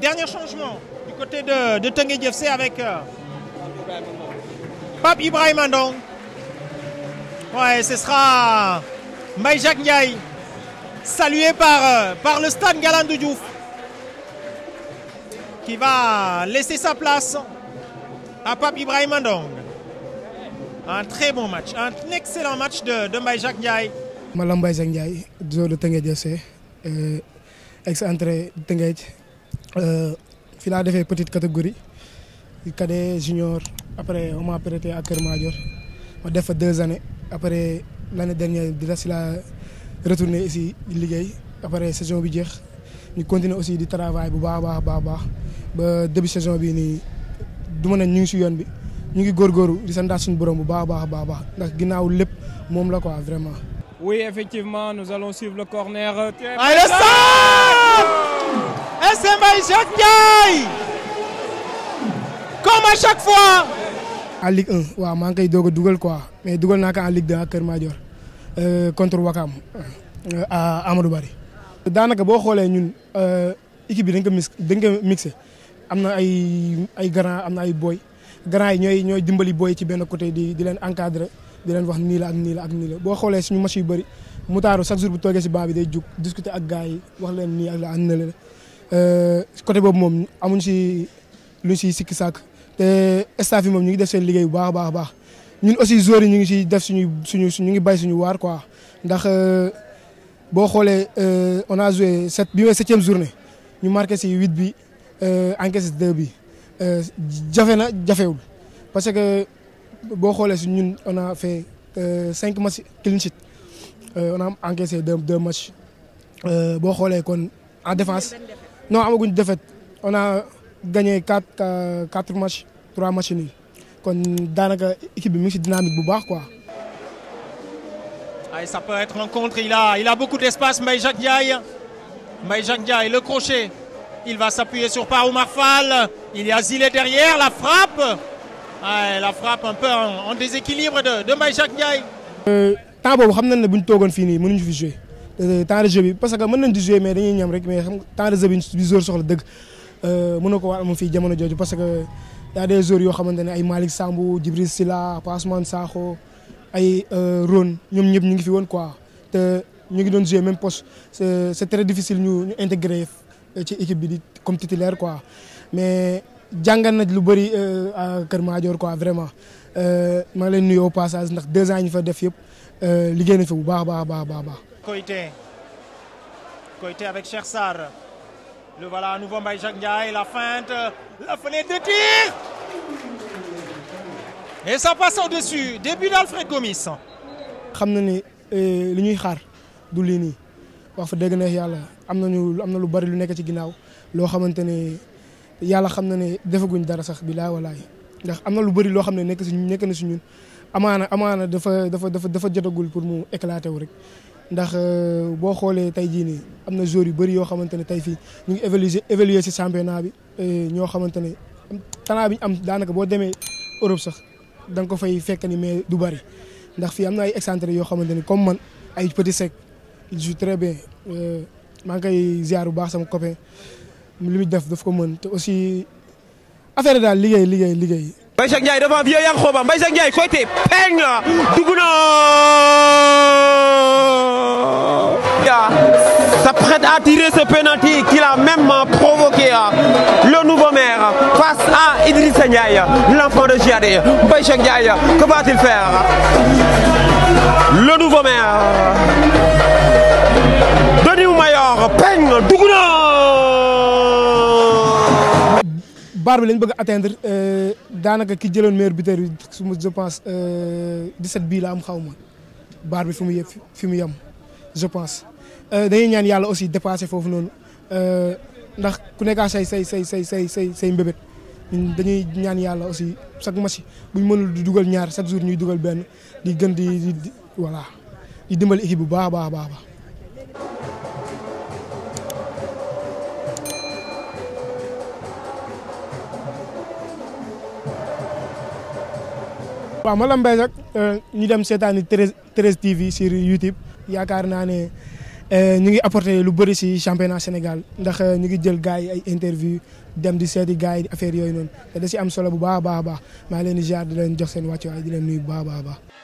Dernier changement du côté de, de Tengue avec euh, Pape Ibrahim Andong. Ouais, ce sera Maïjak Ndiaye, salué par, euh, par le stade Galandou Diouf, qui va laisser sa place à Pape Ibrahim Andong. Un très bon match, un excellent match de, de Maïjak Ndiaye. Malam Ndiaye, de Tengue euh, ex entré de Tengue euh, fi laa defee petite catégorie cadet junior après on m'a prêté à deux années après l'année dernière di ici après saison bi continuer aussi di travail saison a quoi vraiment. oui effectivement nous allons suivre le corner. Allez, ASC Mbaye Jacques comme à chaque fois. en waaw maa ngi koy doog a dugal quoi mais dugal naa ko en Ligue 2 ak Kër Madior euh, contre Wakam euh, Amadou Bari. daanaka boo xoolee ñun euh, équipe bi dañ ko mix dañ ko am na ay ay grand am na ay booy grand yi ñooy ñooy dimbali boy ci benn côté di di leen encadrer di leen wax nii la ak nii la boo xoolee suñu match yu bëri mutaaru chaque jour bu toogee si baa bi day jug discuter ak gars yi wax leen nii ak la ànd na leen Euh, côté boobu moom amuñ si lu si siki sàkk te staff yi moom ñu ngi def seen liggéey bu baax a baax a baax ñun aussi joueurs yi ñu ngi si def suñu suñu ñu ngi bay suñu waar quoi ndax euh, boo xoolee euh, on a joué sept bi mooy ñu marqué si huit bi encaissé deux bi jafe na jafewul parce que boo xoolee si ñun on a fait cinq matchs clean sheet on a encaissé deux deux matchs boo xoolee kon en défense. Non, on a gagné 4 euh, matchs 3 matchs nuls une équipe dynamique ça peut être un il a il a beaucoup d'espace mais Jacques le crochet il va s'appuyer sur Parou Marfal. il y a Zilet derrière la frappe la frappe un peu en, déséquilibre de de Jacques Ndiaye. Euh, temps boobu jouer. temps de jeu bi parce que mën nañ di jouer mais dañuy ñam rek mais xam temps de jeu bi bi joueur soxla dëgg mën na ko war am fii jamono jooju parce que y a des joueurs yoo xamante ne ay Malick Sambou Djibril Sila Ousmane Sakho ay Ron ñoom ñëpp ñu ngi fi woon quoi te ñu ngi doon jouer même poste c'est très difficile ñu ñu intégrer ci équipe bi di comme titulaire quoi mais jàngal na lu bëri Kër Madior quoi vraiment maa ngi leen nuyu au passage ndax deux ans ñu fa def yëpp liggéey nañ fa bu baax baax baax baax baax Koité. Koité avec Chersar. Le voilà à nouveau Mbaye Ndiaye. La feinte, la fenêtre de tir. Et ça passe au-dessus. Début d'Alfred Gomis. pour ndax euh, boo xoolee tey jii nii am na joueurs yu bëri yoo xamante ne tey fii ñu ngi évaluer évaluer si championnat bi euh, ñoo xamante ne talent bi am daanaka boo demee Europe sax danga ko fay fekk ni mais du bëri ndax fii am na ay excentré yoo xamante ne comme man ay petit sec il joue très bien euh, maa ngi koy ziar bu baax sama copain li muy def daf ko mën te aussi affaire daal liggéey liggéey liggéey. Mbaye Cheikh Ndiaye devant Vieux Yankhoba Mbaye Cheikh Ndiaye côté peigne dugg na prête à tirer ce penalty qu'il a même provoqué hein, le nouveau maire face à Idriss Ndiaye, l'enfant de Giade. Baïchek Ndiaye, que va-t-il faire Le nouveau maire. Denis Mayor, Peng, Dougouna Barbe, nous atteindre euh, meilleur buteur je pense 17 euh, bii la am xaw ma baar barbe je pense Euh, dañuy ñaan yàlla aussi dépassé foofu noonu euh, ndax ku nekk say say say say say say say mbébét ñun dañuy ñaan yàlla aussi chaque match buñ mënul di dugal ñaar chaque jour ñuy dugal benn di gën di di voilà di dimbali équipe bu baax baax baax baax waaw ma lambee nag euh, ñu dem seetaani 13 13 TV sur YouTube yaakaar naa ne Euh, ñu ngi apporté lu bëri si championnat Sénégal ndax euh, ñu ngi jël gars yi ay interview dem di seeti gars yi affaire yooyu noonu te si am solo bu baa a baax maa leen di jaar di leen jox seen wàccuwaay di leen nuyu bu baax a baax.